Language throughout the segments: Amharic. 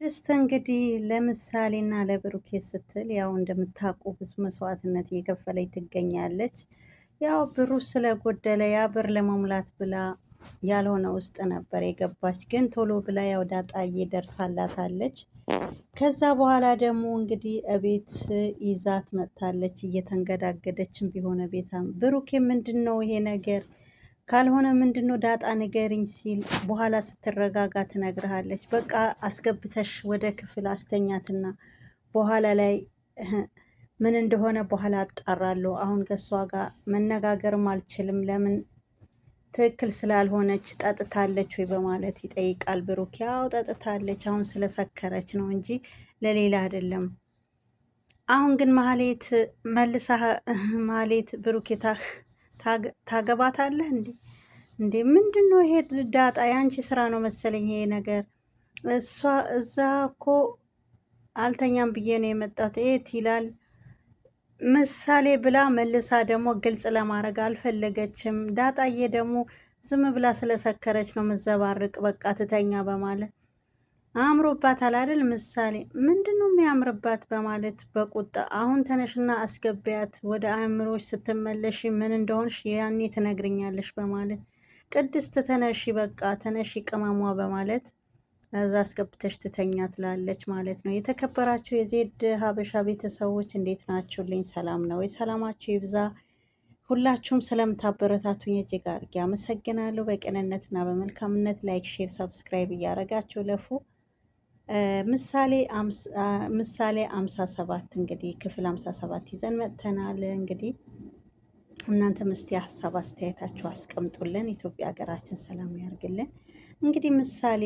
ቅድስት እንግዲህ ለምሳሌና ለብሩኬ ስትል ያው እንደምታውቁ ብዙ መስዋዕትነት እየከፈለች ትገኛለች። ያው ብሩ ስለጎደለ ያ ብር ለመሙላት ብላ ያልሆነ ውስጥ ነበር የገባች። ግን ቶሎ ብላ ያው ዳጣዬ ደርሳላታለች። ከዛ በኋላ ደግሞ እንግዲህ እቤት ይዛት መጥታለች። እየተንገዳገደችም ቢሆን ቤታም ብሩኬ ምንድን ነው ይሄ ነገር ካልሆነ ምንድን ነው ዳጣ ንገሪኝ ሲል በኋላ ስትረጋጋ ትነግርሃለች። በቃ አስገብተሽ ወደ ክፍል አስተኛትና በኋላ ላይ ምን እንደሆነ በኋላ አጣራለሁ። አሁን ከእሷ ጋር መነጋገርም አልችልም። ለምን ትክክል ስላልሆነች ጠጥታለች ወይ በማለት ይጠይቃል ብሩክ። ያው ጠጥታለች፣ አሁን ስለሰከረች ነው እንጂ ለሌላ አይደለም። አሁን ግን ማህሌት መልሳ ማህሌት ብሩክ ታገባታለህ እንዴ? እንዴ ምንድን ነው ይሄ ዳጣ? የአንቺ ስራ ነው መሰለኝ ይሄ ነገር። እሷ እዛ እኮ አልተኛም ብዬ ነው የመጣሁት የት ይላል ምሳሌ ብላ መልሳ ደግሞ ግልጽ ለማድረግ አልፈለገችም። ዳጣዬ ደግሞ ዝም ብላ ስለሰከረች ነው ምዘባርቅ በቃ ትተኛ በማለት አእምሮባታል አይደል ምሳሌ ምንድን ነው የሚያምርባት በማለት በቁጣ አሁን ተነሽና አስገቢያት ወደ አእምሮች ስትመለሽ ምን እንደሆንሽ ያኔ ትነግርኛለሽ በማለት ቅድስት ተነሺ በቃ ተነሺ ቅመሟ በማለት እዛ አስገብተሽ ትተኛ ትላለች ማለት ነው። የተከበራችሁ የዜድ ሀበሻ ቤተሰቦች እንዴት ናችሁልኝ? ሰላም ነው ወይ? ሰላማችሁ ይብዛ። ሁላችሁም ስለምታበረታቱኝ እጅግ አድርጌ አመሰግናለሁ። በቅንነትና በመልካምነት ላይክ፣ ሼር፣ ሰብስክራይብ እያደረጋችሁ ለፉ ምሳሌ አምሳ ሰባት እንግዲህ ክፍል አምሳ ሰባት ይዘን መጥተናል እንግዲህ እናንተ ምስቲ ሀሳብ አስተያየታችሁ አስቀምጡልን። ኢትዮጵያ ሀገራችን ሰላም ያርግልን። እንግዲህ ምሳሌ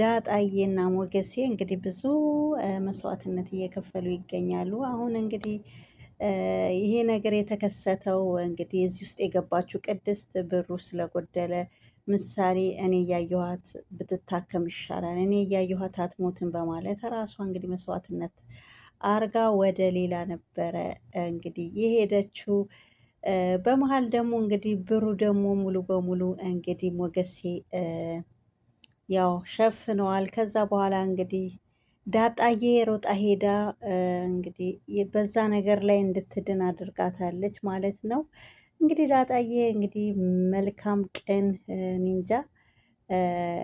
ዳጣዬና ሞገሴ እንግዲህ ብዙ መስዋዕትነት እየከፈሉ ይገኛሉ። አሁን እንግዲህ ይሄ ነገር የተከሰተው እንግዲህ እዚህ ውስጥ የገባችው ቅድስት ብሩ ስለጎደለ ምሳሌ እኔ እያየኋት ብትታከም ይሻላል፣ እኔ እያየኋት አትሞትን በማለት ራሷ እንግዲህ መስዋዕትነት አርጋ ወደ ሌላ ነበረ እንግዲህ የሄደችው። በመሀል ደግሞ እንግዲህ ብሩ ደግሞ ሙሉ በሙሉ እንግዲህ ሞገሴ ያው ሸፍነዋል። ከዛ በኋላ እንግዲህ ዳጣዬ ሮጣ ሄዳ እንግዲህ በዛ ነገር ላይ እንድትድን አድርጋታለች ማለት ነው። እንግዲህ ዳጣዬ እንግዲህ መልካም ቀን ኒንጃ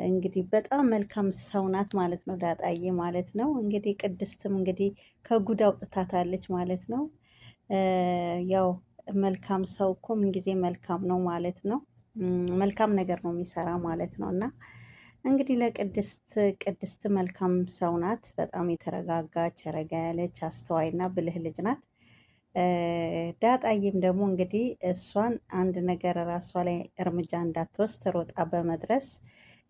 እንግዲህ በጣም መልካም ሰው ናት ማለት ነው፣ ዳጣዬ ማለት ነው። እንግዲህ ቅድስትም እንግዲህ ከጉድ አውጥታታለች ማለት ነው። ያው መልካም ሰው እኮ ምንጊዜ መልካም ነው ማለት ነው። መልካም ነገር ነው የሚሰራ ማለት ነው። እና እንግዲህ ለቅድስት ቅድስት መልካም ሰው ናት። በጣም የተረጋጋች ረጋ ያለች አስተዋይና ብልህ ልጅ ናት። ዳጣይም ደግሞ እንግዲህ እሷን አንድ ነገር ራሷ ላይ እርምጃ እንዳትወስድ ሮጣ በመድረስ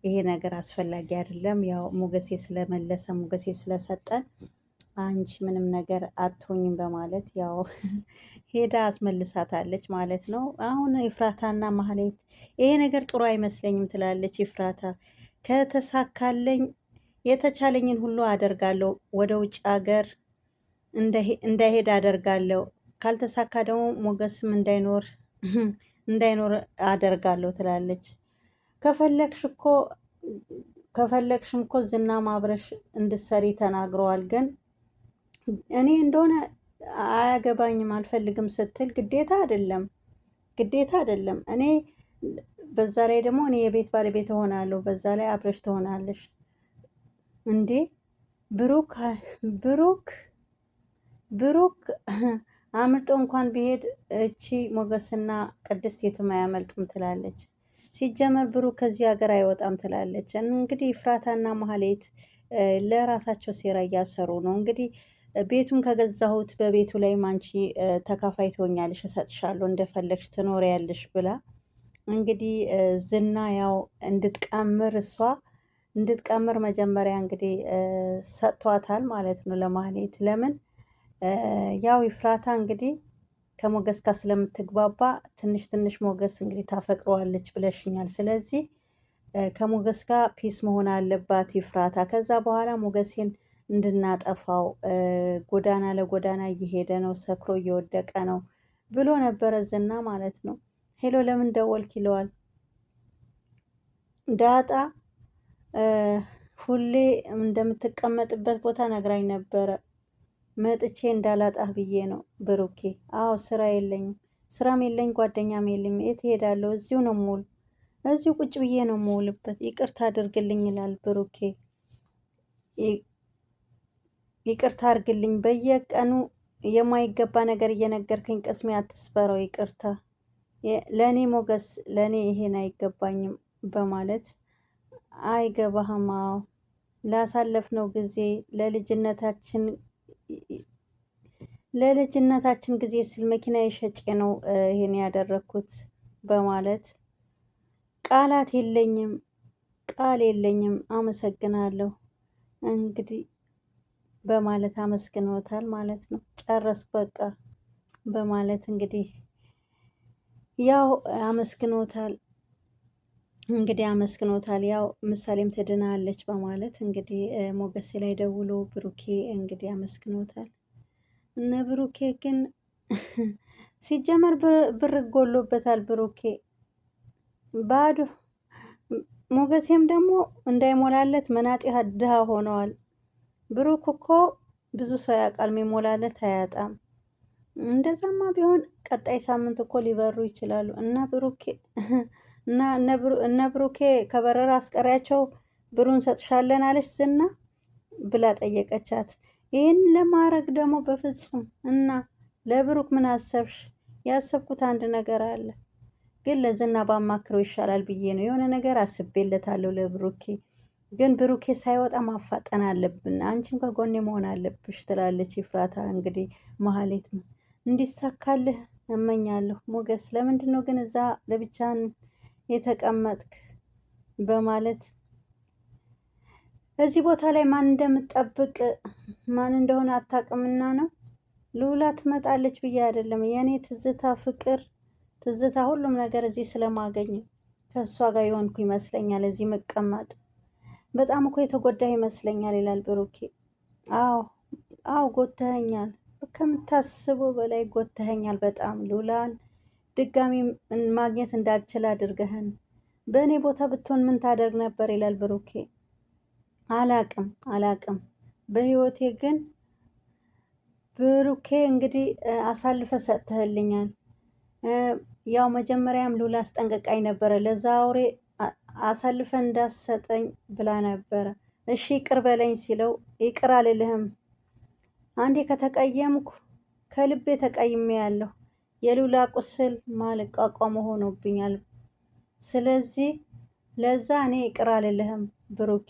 ይሄ ነገር አስፈላጊ አይደለም፣ ያው ሞገሴ ስለመለሰ ሞገሴ ስለሰጠን አንቺ ምንም ነገር አትሆኝም በማለት ያው ሄዳ አስመልሳታለች ማለት ነው። አሁን ኤፍራታና ማህሌት ይሄ ነገር ጥሩ አይመስለኝም ትላለች ይፍራታ። ከተሳካለኝ የተቻለኝን ሁሉ አደርጋለሁ፣ ወደ ውጭ ሀገር እንዳይሄድ አደርጋለሁ ካልተሳካ ደግሞ ሞገስም እንዳይኖር እንዳይኖር አደርጋለሁ ትላለች። ከፈለግሽ እኮ ከፈለግሽም እኮ ዝና ማብረሽ እንድትሰሪ ተናግረዋል። ግን እኔ እንደሆነ አያገባኝም አልፈልግም ስትል ግዴታ አይደለም ግዴታ አይደለም። እኔ በዛ ላይ ደግሞ እኔ የቤት ባለቤት እሆናለሁ፣ በዛ ላይ አብረሽ ትሆናለሽ እንዴ ብሩክ ብሩክ ብሩክ አምልጦ እንኳን ቢሄድ እቺ ሞገስና ቅድስት የትም አያመልጡም ትላለች። ሲጀመር ብሩ ከዚህ ሀገር አይወጣም ትላለች። እንግዲህ ፍራታና መሀሌት ለራሳቸው ሴራ እያሰሩ ነው። እንግዲህ ቤቱን ከገዛሁት በቤቱ ላይ ማንቺ ተካፋይ ትሆኛለሽ፣ እሰጥሻለሁ፣ እንደፈለግሽ ትኖሪያለሽ ብላ እንግዲህ ዝና ያው እንድትቀምር እሷ እንድትቀምር መጀመሪያ እንግዲህ ሰጥቷታል ማለት ነው ለማህሌት ለምን ያው ይፍራታ እንግዲህ ከሞገስ ጋር ስለምትግባባ ትንሽ ትንሽ ሞገስ እንግዲህ ታፈቅረዋለች ብለሽኛል። ስለዚህ ከሞገስ ጋር ፒስ መሆን አለባት ይፍራታ ከዛ በኋላ ሞገሴን እንድናጠፋው ጎዳና ለጎዳና እየሄደ ነው፣ ሰክሮ እየወደቀ ነው ብሎ ነበረ ዝና ማለት ነው። ሄሎ ለምን ደወልክ ይለዋል። ዳጣ ሁሌ እንደምትቀመጥበት ቦታ ነግራኝ ነበረ መጥቼ እንዳላጣህ ብዬ ነው ብሩኬ። አዎ ስራ የለኝም፣ ስራም የለኝ፣ ጓደኛም የለኝ። የት እሄዳለሁ? እዚሁ ነው የምውል፣ እዚሁ ቁጭ ብዬ ነው የምውልበት። ይቅርታ አድርግልኝ ይላል ብሩኬ። ይቅርታ አድርግልኝ፣ በየቀኑ የማይገባ ነገር እየነገርከኝ ቅስሜ አትስበረው፣ ይቅርታ ለእኔ ሞገስ፣ ለእኔ ይሄን አይገባኝም በማለት አይገባህም። አዎ ላሳለፍነው ጊዜ ለልጅነታችን ለልጅነታችን ጊዜ ስል መኪና የሸጬ ነው ይሄን ያደረግኩት በማለት ቃላት የለኝም፣ ቃል የለኝም፣ አመሰግናለሁ እንግዲህ በማለት አመስግኖታል ማለት ነው። ጨረስኩ በቃ በማለት እንግዲህ ያው አመስግኖታል። እንግዲህ አመስግኖታል። ያው ምሳሌም ትድናለች በማለት እንግዲህ ሞገሴ ላይ ደውሎ ብሩኬ እንግዲህ አመስግኖታል። እነ ብሩኬ ግን ሲጀመር ብር ጎሎበታል። ብሩኬ ባዶ ሞገሴም ደግሞ እንዳይሞላለት መናጤ ድሃ ሆነዋል። ብሩክ እኮ ብዙ ሰው ያውቃል፣ የሚሞላለት አያጣም። እንደዛማ ቢሆን ቀጣይ ሳምንት እኮ ሊበሩ ይችላሉ እና ብሩኬ እና እነ ብሩኬ ከበረራ አስቀሪያቸው ብሩን ሰጥሻለን አለች ዝና ብላ ጠየቀቻት። ይህን ለማድረግ ደግሞ በፍጹም እና ለብሩክ ምን አሰብሽ? ያሰብኩት አንድ ነገር አለ፣ ግን ለዝና ባማክረው ይሻላል ብዬ ነው። የሆነ ነገር አስቤለታለሁ ለብሩኬ፣ ግን ብሩኬ ሳይወጣ ማፋጠን አለብን። አንቺም ከጎኔ መሆን አለብሽ ትላለች ይፍራታ። እንግዲህ መሀሌት እንዲሳካልህ እመኛለሁ። ሞገስ፣ ለምንድን ነው ግን እዛ ለብቻን የተቀመጥክ በማለት እዚህ ቦታ ላይ ማን እንደምትጠብቅ ማን እንደሆነ አታውቅምና ነው። ሉላ ትመጣለች ብዬ አይደለም የእኔ ትዝታ፣ ፍቅር፣ ትዝታ ሁሉም ነገር እዚህ ስለማገኝ ከእሷ ጋር የሆንኩ ይመስለኛል። እዚህ መቀመጥ በጣም እኮ የተጎዳ ይመስለኛል ይላል ብሩኬ። አዎ አዎ፣ ጎተኸኛል፣ ከምታስበው በላይ ጎተኸኛል። በጣም ልዑላን ድጋሚ ማግኘት እንዳችል አድርገህን። በእኔ ቦታ ብትሆን ምን ታደርግ ነበር? ይላል ብሩኬ። አላቅም አላቅም። በህይወቴ ግን ብሩኬ እንግዲህ አሳልፈ ሰጥተህልኛል። ያው መጀመሪያም ሉላ አስጠንቀቃኝ ነበረ። ለዛ አውሬ አሳልፈ እንዳሰጠኝ ብላ ነበረ። እሺ ይቅር በለኝ ሲለው ይቅር አልልህም፣ አንዴ ከተቀየምኩ ከልቤ ተቀይሜ ያለሁ የሉላ ቁስል ማልቋቋም ሆኖብኛል። ስለዚህ ለዛ እኔ ይቅር አልልህም ብሩኬ፣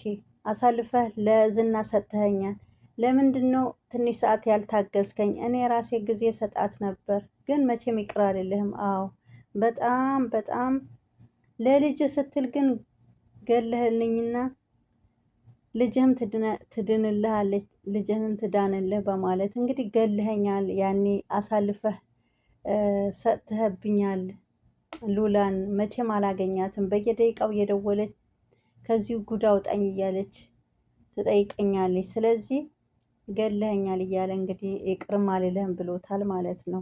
አሳልፈህ ለዝና ሰጥተኸኛል። ለምንድን ነው ትንሽ ሰዓት ያልታገዝከኝ? እኔ ራሴ ጊዜ ሰጣት ነበር፣ ግን መቼም ይቅር አልልህም። አዎ በጣም በጣም ለልጅ ስትል ግን ገለህልኝና ልጅህም ትድንልሃለች፣ ልጅህም ትዳንልህ በማለት እንግዲህ ገለኸኛል። ያኔ አሳልፈህ ሰጥተህብኛል ሉላን መቼም አላገኛትም። በየደቂቃው እየደወለች ከዚህ ጉድ አውጣኝ እያለች ትጠይቀኛለች። ስለዚህ ገለኸኛል እያለ እንግዲህ ይቅርም አልልህም ብሎታል ማለት ነው።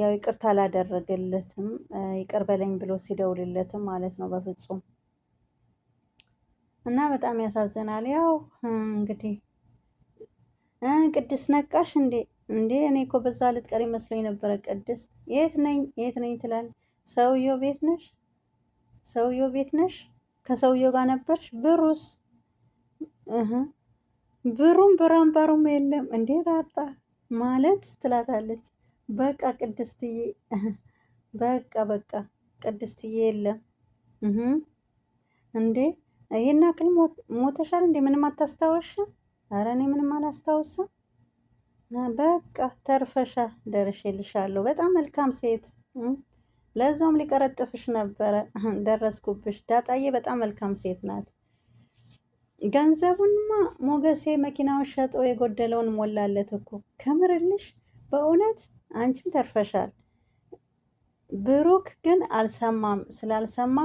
ያው ይቅርታ አላደረገለትም። ይቅር በለኝ ብሎ ሲደውልለትም ማለት ነው በፍጹም እና በጣም ያሳዝናል። ያው እንግዲህ ቅድስት ነቃሽ እንዴ እንዴ እኔ እኮ በዛ ልትቀር መስሎኝ ነበረ። ቅድስት የት ነኝ የት ነኝ ትላል። ሰውየው ቤት ነሽ? ሰውየው ቤት ነሽ? ከሰውየው ጋር ነበርሽ? ብሩስ? ብሩም ብራምባሩም የለም። እንዴ አጣ ማለት ትላታለች። በቃ ቅድስትዬ፣ በቃ በቃ ቅድስትዬ የለም። እንዴ ይህን አክል ሞተሻል እንዴ? ምንም አታስታወሽ? አረ እኔ ምንም አላስታውስም። በቃ ተርፈሻ ደርሼልሻለሁ። በጣም መልካም ሴት ለዛውም ሊቀረጥፍሽ ነበረ ደረስኩብሽ። ዳጣዬ በጣም መልካም ሴት ናት። ገንዘቡንማ ሞገሴ መኪናውን ሸጦ የጎደለውን ሞላለት እኮ ከምርልሽ። በእውነት አንቺም ተርፈሻል። ብሩክ ግን አልሰማም። ስላልሰማ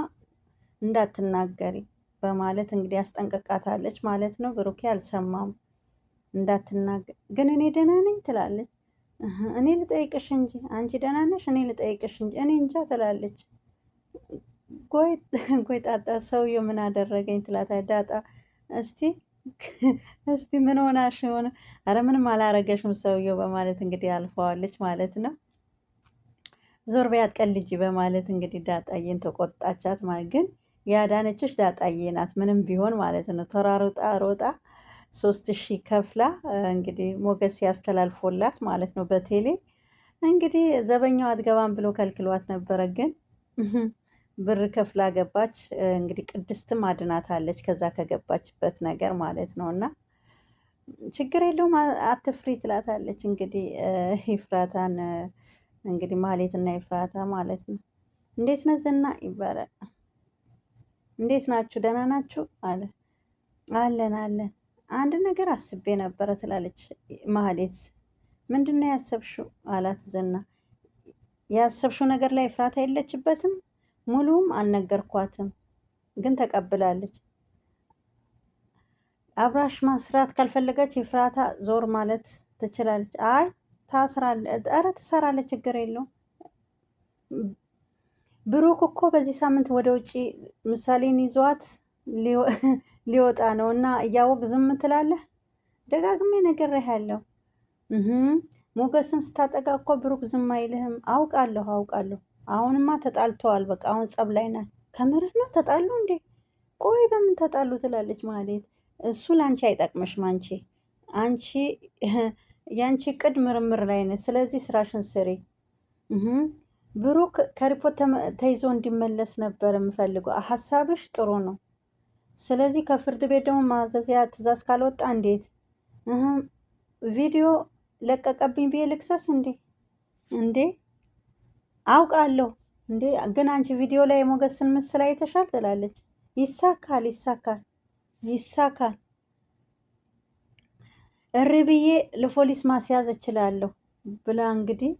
እንዳትናገሪ በማለት እንግዲህ አስጠንቅቃታለች ማለት ነው። ብሩኬ አልሰማም። እንዳትናገር ግን እኔ ደህና ነኝ ትላለች። እኔ ልጠይቅሽ እንጂ አንቺ ደህና ነሽ? እኔ ልጠይቅሽ እንጂ እኔ እንጃ ትላለች። ጎይ ጣጣ ሰውየ ምን አደረገኝ ትላታ ዳጣ። እስቲ እስቲ ምን ሆናሽ ሆነ? አረ ምንም አላረገሽም ሰውየ በማለት እንግዲህ አልፈዋለች ማለት ነው። ዞር በይ አትቀልጂ በማለት እንግዲህ ዳጣዬን ተቆጣቻት። ማለት ግን ያዳነችሽ ዳጣዬ ናት ምንም ቢሆን ማለት ነው ተሯሩጣ ሮጣ ሶስት ሺህ ከፍላ እንግዲህ ሞገስ ያስተላልፎላት ማለት ነው በቴሌ እንግዲህ ዘበኛው አትገባም ብሎ ከልክሏት ነበረ። ግን ብር ከፍላ ገባች። እንግዲህ ቅድስትም አድናታለች ከዛ ከገባችበት ነገር ማለት ነው። እና ችግር የለውም አትፍሪ ትላታለች። እንግዲህ ይፍራታን እንግዲህ ማሌት እና ይፍራታ ማለት ነው። እንዴት ነህ ዝና ይባላል። እንዴት ናችሁ? ደህና ናችሁ አለ አለን አለን አንድ ነገር አስቤ ነበረ ትላለች ማህሌት። ምንድን ነው ያሰብሽው? አላት ዝና። ያሰብሽው ነገር ላይ ፍራታ የለችበትም። ሙሉም አልነገርኳትም፣ ግን ተቀብላለች። አብራሽ ማስራት ካልፈለገች ፍራታ ዞር ማለት ትችላለች። አይ ታስራለች፣ ኧረ ትሰራለች፣ ችግር የለውም። ብሩክ እኮ በዚህ ሳምንት ወደ ውጭ ምሳሌን ይዟት ሊወጣ ነው እና እያወቅ ዝም ትላለህ? ደጋግሜ ነግሬሃለሁ። ሞገስን ስታጠቃ እኮ ብሩክ ዝም አይልህም። አውቃለሁ አውቃለሁ። አሁንማ ተጣልተዋል። በቃ አሁን ጸብ ላይ ናት። ከምርህ ነው ተጣሉ እንዴ? ቆይ በምን ተጣሉ ትላለች ማለት እሱ ለአንቺ አይጠቅምሽም። አንቺ አንቺ የአንቺ ቅድ ምርምር ላይ ነ ስለዚህ ስራሽን ስሪ። ብሩክ ከሪፖርት ተይዞ እንዲመለስ ነበር የምፈልገው። ሀሳብሽ ጥሩ ነው። ስለዚህ ከፍርድ ቤት ደግሞ ማዘዣ ትእዛዝ ካልወጣ እንዴት ቪዲዮ ለቀቀብኝ ብዬ ልክሰስ እንዴ? እንዴ አውቃለሁ እንዴ ግን አንቺ ቪዲዮ ላይ የሞገስን ምስል አይተሻል ትላለች። ይሳካል፣ ይሳካል፣ ይሳካል። እሪ ብዬ ለፖሊስ ማስያዝ እችላለሁ ብላ እንግዲህ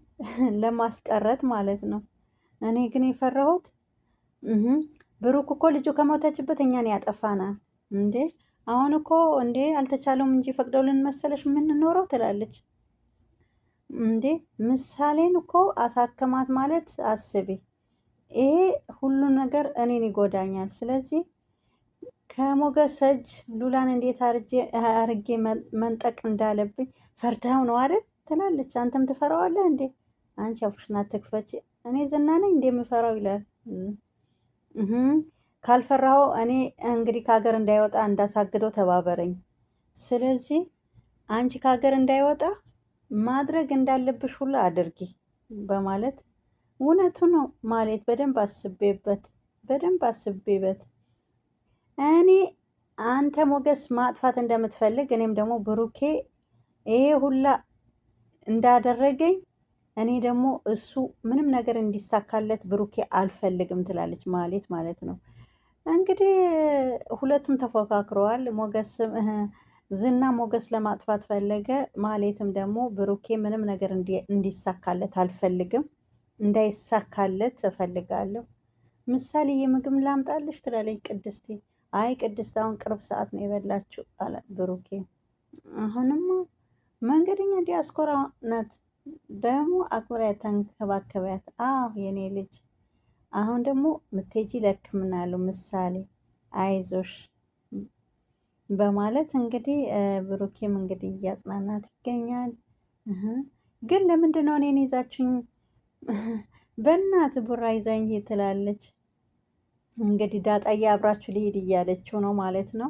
ለማስቀረት ማለት ነው። እኔ ግን የፈራሁት ብሩክ እኮ ልጁ ከሞተችበት እኛን ያጠፋናል። እንዴ አሁን እኮ እንዴ አልተቻለውም እንጂ ፈቅደውልን መሰለሽ የምንኖረው ትላለች። እንዴ ምሳሌን እኮ አሳከማት ማለት አስቤ ይሄ ሁሉ ነገር እኔን ይጎዳኛል። ስለዚህ ከሞገስ እጅ ሉላን እንዴት አርጌ መንጠቅ እንዳለብኝ ፈርተኸው ነው አይደል ትላለች። አንተም ትፈራዋለህ እንዴ? አንቺ አፉሽና ትክፈች እኔ ዝና ነኝ እንደምፈራው ይላል። ካልፈራሁ እኔ እንግዲህ ከሀገር እንዳይወጣ እንዳሳግደው ተባበረኝ። ስለዚህ አንቺ ከሀገር እንዳይወጣ ማድረግ እንዳለብሽ ሁሉ አድርጊ በማለት እውነቱ ነው ማለት በደንብ አስቤበት በደንብ አስቤበት እኔ አንተ ሞገስ ማጥፋት እንደምትፈልግ እኔም ደግሞ ብሩኬ ይሄ ሁላ እንዳደረገኝ እኔ ደግሞ እሱ ምንም ነገር እንዲሳካለት ብሩኬ አልፈልግም ትላለች ማሌት ማለት ነው። እንግዲህ ሁለቱም ተፎካክረዋል። ሞገስም ዝና ሞገስ ለማጥፋት ፈለገ። ማሌትም ደግሞ ብሩኬ ምንም ነገር እንዲሳካለት አልፈልግም፣ እንዳይሳካለት እፈልጋለሁ። ምሳሌ የምግብ ላምጣልሽ ትላለች ቅድስቲ። አይ ቅድስት አሁን ቅርብ ሰዓት ነው የበላችሁ አለ ብሩኬ። አሁንም መንገደኛ ዲያስፖራ ናት ደግሞ አክብራ ተንከባከቢያት። አዎ የኔ ልጅ፣ አሁን ደግሞ ምትሄጂ ለሕክምና ያለው ምሳሌ አይዞሽ በማለት እንግዲህ ብሩኬም እንግዲህ እያጽናናት ይገኛል። ግን ለምንድን ነው እኔን ይዛችሁኝ በእናት ቡራ ይዛኝ ትላለች። እንግዲህ ዳጣዬ አብራችሁ ሊሄድ እያለችው ነው ማለት ነው።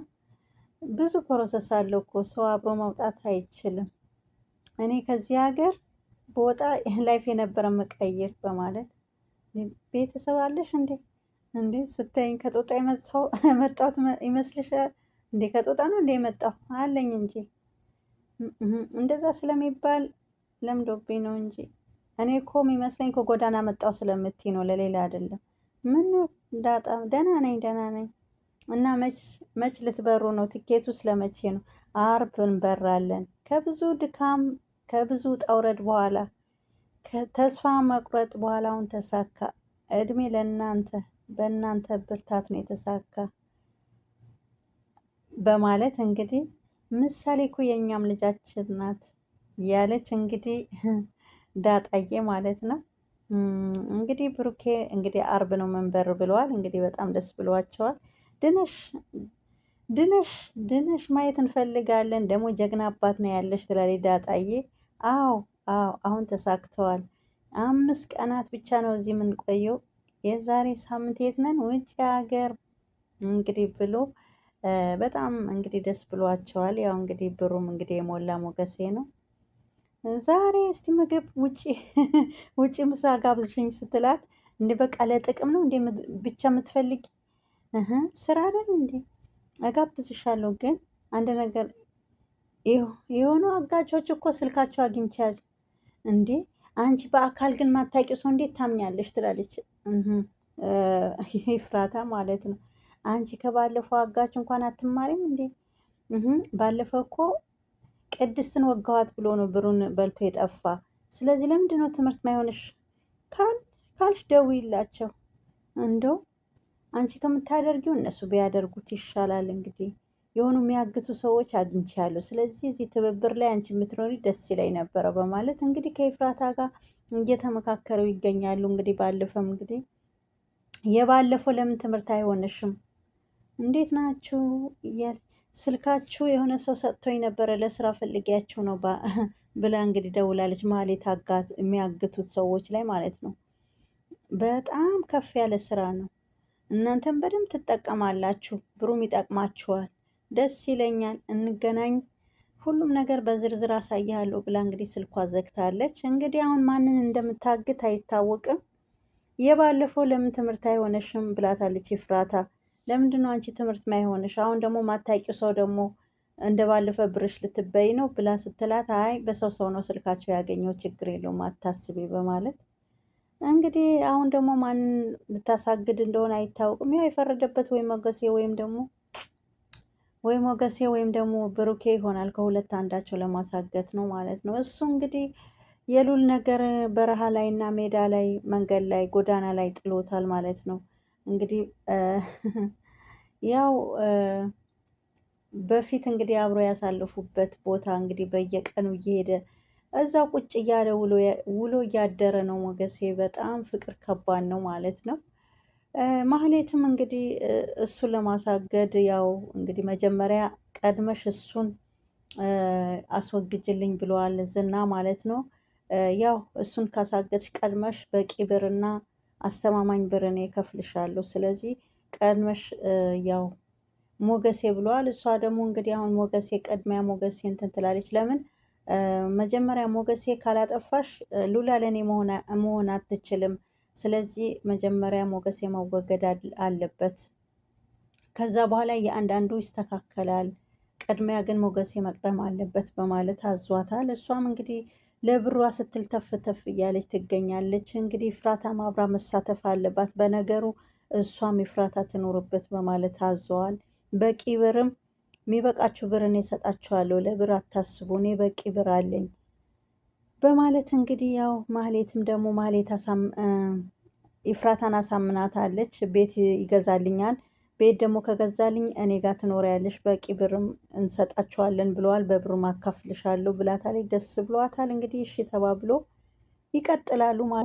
ብዙ ፕሮሰስ አለው እኮ ሰው አብሮ መውጣት አይችልም። እኔ ከዚህ ሀገር በወጣ ላይፍ የነበረ መቀየር በማለት ቤተሰብ አለሽ እንዴ? እንዴ ስታይኝ ከጦጣ የመጣው መጣት ይመስልሻል እንዴ? ከጦጣ ነው እንዴ የመጣው አለኝ እንጂ እንደዛ ስለሚባል ለምዶብኝ ነው እንጂ እኔ እኮ የሚመስለኝ ከጎዳና መጣው ስለምትይ ነው፣ ለሌላ አይደለም። ምን ዳጣ፣ ደህና ነኝ፣ ደህና ነኝ። እና መች ልትበሩ ነው? ትኬቱ ስለመቼ ነው? አርብ እንበራለን። ከብዙ ድካም ከብዙ ጠውረድ በኋላ ከተስፋ መቁረጥ በኋላውን ተሳካ። እድሜ ለእናንተ በእናንተ ብርታት ነው የተሳካ በማለት እንግዲህ ምሳሌ እኮ የእኛም ልጃችን ናት ያለች እንግዲህ ዳጣዬ ማለት ነው። እንግዲህ ብሩኬ እንግዲህ አርብ ነው መንበር ብለዋል። እንግዲህ በጣም ደስ ብሏቸዋል። ድነሽ ድነሽ ድነሽ ማየት እንፈልጋለን። ደግሞ ጀግና አባት ነው ያለሽ ትላለች ዳጣዬ። አዎ አዎ አሁን ተሳክተዋል። አምስት ቀናት ብቻ ነው እዚህ የምንቆየው። የዛሬ ሳምንት የት ነን? ውጭ ሀገር እንግዲህ ብሎ በጣም እንግዲህ ደስ ብሏቸዋል። ያው እንግዲህ ብሩም እንግዲህ የሞላ ሞገሴ ነው። ዛሬ እስቲ ምግብ ውጪ ውጪ ምሳ ጋብዙኝ ስትላት እንደ በቃ ለጥቅም ነው እንደ ብቻ የምትፈልጊ ስራ አይደል እንዴ? እጋብዝሻለሁ ግን አንድ ነገር የሆኑ አጋቾች እኮ ስልካቸው አግኝቻል እንዴ አንቺ በአካል ግን ማታቂ ሰው እንዴት ታምኛለሽ? ትላለች ይፍራታ ማለት ነው። አንቺ ከባለፈው አጋች እንኳን አትማሪም እንዴ? ባለፈው እኮ ቅድስትን ወጋዋት ብሎ ነው ብሩን በልቶ የጠፋ። ስለዚህ ለምንድን ነው ትምህርት ማይሆንሽ? ካልሽ ደውይላቸው። እንደው አንቺ ከምታደርጊው እነሱ ቢያደርጉት ይሻላል እንግዲህ የሆኑ የሚያግቱ ሰዎች አግኝቻለሁ። ስለዚህ እዚህ ትብብር ላይ አንቺ የምትኖሪ ደስ ይለኝ ነበረ በማለት እንግዲህ ከኤፍራታ ጋር እየተመካከረው ይገኛሉ። እንግዲህ ባለፈም እንግዲህ የባለፈው ለምን ትምህርት አይሆንሽም እንዴት ናችሁ እያል ስልካችሁ የሆነ ሰው ሰጥቶኝ ነበረ ለስራ ፈልጊያችሁ ነው ብላ እንግዲህ ደውላለች። ማለት የሚያግቱት ሰዎች ላይ ማለት ነው። በጣም ከፍ ያለ ስራ ነው። እናንተም በደንብ ትጠቀማላችሁ፣ ብሩም ይጠቅማችኋል። ደስ ይለኛል፣ እንገናኝ፣ ሁሉም ነገር በዝርዝር አሳያለሁ ብላ እንግዲህ ስልኳ ዘግታለች። እንግዲህ አሁን ማንን እንደምታግት አይታወቅም። የባለፈው ለምን ትምህርት አይሆነሽም ብላታለች ይፍራታ። ለምንድን ነው አንቺ ትምህርት ማይሆንሽ? አሁን ደግሞ ማታውቂው ሰው ደግሞ እንደ ባለፈ ብርሽ ልትበይ ነው ብላ ስትላት፣ አይ በሰው ሰው ነው ስልካቸው ያገኘው ችግር የለውም አታስቢ በማለት እንግዲህ አሁን ደግሞ ማንን ልታሳግድ እንደሆነ አይታወቅም። ያው የፈረደበት ወይም መገሴ ወይም ደግሞ ወይ ሞገሴ ወይም ደግሞ ብሩኬ ይሆናል ከሁለት አንዳቸው ለማሳገት ነው ማለት ነው። እሱ እንግዲህ የሉል ነገር በረሃ ላይ እና ሜዳ ላይ መንገድ ላይ ጎዳና ላይ ጥሎታል ማለት ነው። እንግዲህ ያው በፊት እንግዲህ አብሮ ያሳለፉበት ቦታ እንግዲህ በየቀኑ እየሄደ እዛ ቁጭ እያለ ውሎ እያደረ ነው ሞገሴ። በጣም ፍቅር ከባድ ነው ማለት ነው። ማህሌትም እንግዲህ እሱን ለማሳገድ ያው እንግዲህ መጀመሪያ ቀድመሽ እሱን አስወግጅልኝ ብለዋል ዝና ማለት ነው። ያው እሱን ካሳገድሽ ቀድመሽ በቂ ብርና አስተማማኝ ብር እኔ እከፍልሻለሁ። ስለዚህ ቀድመሽ ያው ሞገሴ ብለዋል። እሷ ደግሞ እንግዲህ አሁን ሞገሴ ቀድሚያ ሞገሴ እንትን ትላለች። ለምን መጀመሪያ ሞገሴ ካላጠፋሽ ሉላ ለእኔ መሆን አትችልም ስለዚህ መጀመሪያ ሞገሴ መወገድ አለበት። ከዛ በኋላ የአንዳንዱ ይስተካከላል። ቅድሚያ ግን ሞገሴ መቅደም አለበት በማለት አዟታል። እሷም እንግዲህ ለብሯ ስትል ተፍ ተፍ እያለች ትገኛለች። እንግዲህ ፍራታ ማብራ መሳተፍ አለባት። በነገሩ እሷም ይፍራታ ትኖርበት በማለት አዘዋል። በቂ ብርም የሚበቃችሁ ብር እኔ እሰጣችኋለሁ፣ ለብር አታስቡ፣ እኔ በቂ ብር አለኝ በማለት እንግዲህ ያው ማህሌትም ደግሞ ማህሌት ኢፍራታን አሳምናታለች። ቤት ይገዛልኛል፣ ቤት ደግሞ ከገዛልኝ እኔ ጋር ትኖሪያለሽ፣ በቂ ብርም እንሰጣችኋለን ብለዋል። በብርም አካፍልሻለሁ ብላታለች። ደስ ብሏታል። እንግዲህ እሺ ተባብሎ ይቀጥላሉ ማለት